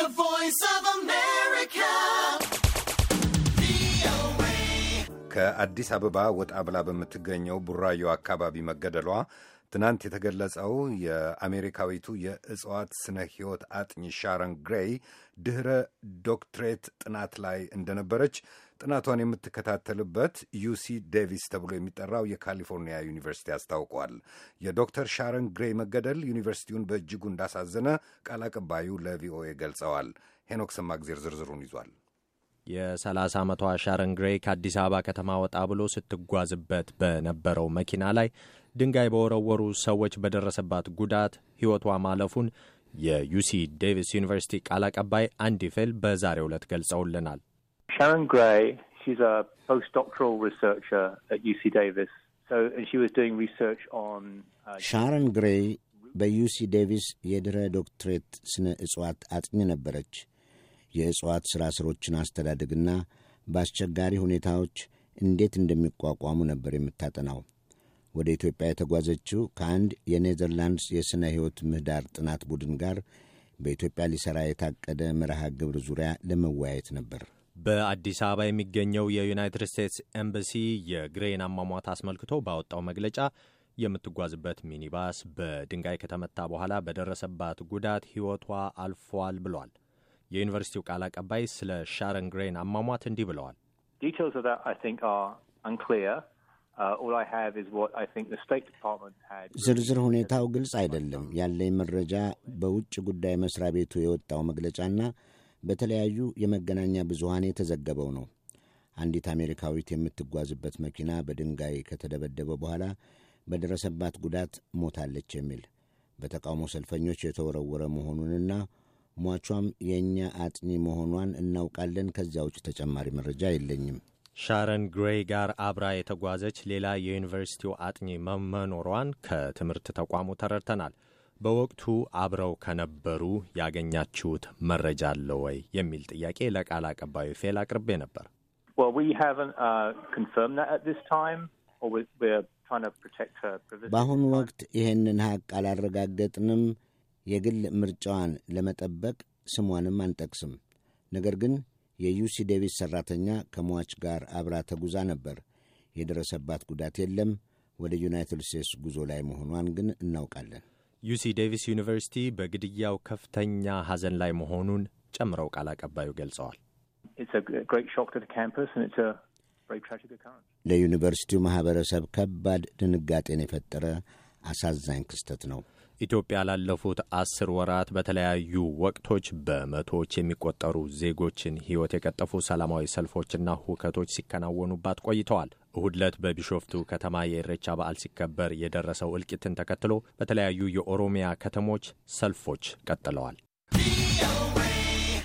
The Voice of America. ከአዲስ አበባ ወጣ ብላ በምትገኘው ቡራዮ አካባቢ መገደሏ ትናንት የተገለጸው የአሜሪካዊቱ የእጽዋት ስነ ሕይወት አጥኚ ሻረን ግሬይ ድኅረ ዶክትሬት ጥናት ላይ እንደነበረች ጥናቷን የምትከታተልበት ዩሲ ዴቪስ ተብሎ የሚጠራው የካሊፎርኒያ ዩኒቨርሲቲ አስታውቋል። የዶክተር ሻረን ግሬይ መገደል ዩኒቨርሲቲውን በእጅጉ እንዳሳዘነ ቃል አቀባዩ ለቪኦኤ ገልጸዋል። ሄኖክ ሰማግዜር ዝርዝሩን ይዟል። የ30 ዓመቷ ሻረን ግሬ ከአዲስ አበባ ከተማ ወጣ ብሎ ስትጓዝበት በነበረው መኪና ላይ ድንጋይ በወረወሩ ሰዎች በደረሰባት ጉዳት ሕይወቷ ማለፉን የዩሲ ዴቪስ ዩኒቨርሲቲ ቃል አቀባይ አንዲ ፌል በዛሬው ዕለት ገልጸውልናል። ሻረን ግሬ uh, ሻረን ግሬይ በዩሲ ዴቪስ የድረ ዶክትሬት ስነ እጽዋት አጥኚ ነበረች። የእጽዋት ሥራ ሥሮችን አስተዳደግና በአስቸጋሪ ሁኔታዎች እንዴት እንደሚቋቋሙ ነበር የምታጠናው። ወደ ኢትዮጵያ የተጓዘችው ከአንድ የኔዘርላንድስ የሥነ ሕይወት ምህዳር ጥናት ቡድን ጋር በኢትዮጵያ ሊሠራ የታቀደ መርሃ ግብር ዙሪያ ለመወያየት ነበር። በአዲስ አበባ የሚገኘው የዩናይትድ ስቴትስ ኤምባሲ የግሬን አሟሟት አስመልክቶ ባወጣው መግለጫ የምትጓዝበት ሚኒባስ በድንጋይ ከተመታ በኋላ በደረሰባት ጉዳት ሕይወቷ አልፏል ብሏል። የዩኒቨርሲቲው ቃል አቀባይ ስለ ሻረን ግሬን አሟሟት እንዲህ ብለዋል። uh, ዝርዝር ሁኔታው ግልጽ አይደለም። ያለኝ መረጃ በውጭ ጉዳይ መስሪያ ቤቱ የወጣው መግለጫና በተለያዩ የመገናኛ ብዙሃን የተዘገበው ነው። አንዲት አሜሪካዊት የምትጓዝበት መኪና በድንጋይ ከተደበደበ በኋላ በደረሰባት ጉዳት ሞታለች የሚል በተቃውሞ ሰልፈኞች የተወረወረ መሆኑንና ሟቿም የእኛ አጥኚ መሆኗን እናውቃለን። ከዚያ ውጭ ተጨማሪ መረጃ የለኝም። ሻረን ግሬይ ጋር አብራ የተጓዘች ሌላ የዩኒቨርሲቲው አጥኚ መመኖሯን ከትምህርት ተቋሙ ተረድተናል። በወቅቱ አብረው ከነበሩ ያገኛችሁት መረጃ አለ ወይ የሚል ጥያቄ ለቃል አቀባዩ ፌል አቅርቤ ነበር። uh, በአሁኑ ወቅት ይህንን ሀቅ አላረጋገጥንም። የግል ምርጫዋን ለመጠበቅ ስሟንም አንጠቅስም። ነገር ግን የዩሲ ዴቪስ ሠራተኛ ከሟች ጋር አብራ ተጉዛ ነበር። የደረሰባት ጉዳት የለም። ወደ ዩናይትድ ስቴትስ ጉዞ ላይ መሆኗን ግን እናውቃለን። ዩሲ ዴቪስ ዩኒቨርሲቲ በግድያው ከፍተኛ ሐዘን ላይ መሆኑን ጨምረው ቃል አቀባዩ ገልጸዋል። ለዩኒቨርሲቲው ማኅበረሰብ ከባድ ድንጋጤን የፈጠረ አሳዛኝ ክስተት ነው። ኢትዮጵያ ላለፉት አስር ወራት በተለያዩ ወቅቶች በመቶዎች የሚቆጠሩ ዜጎችን ሕይወት የቀጠፉ ሰላማዊ ሰልፎችና ሁከቶች ሲከናወኑባት ቆይተዋል። እሁድ ዕለት በቢሾፍቱ ከተማ የኢሬቻ በዓል ሲከበር የደረሰው እልቂትን ተከትሎ በተለያዩ የኦሮሚያ ከተሞች ሰልፎች ቀጥለዋል።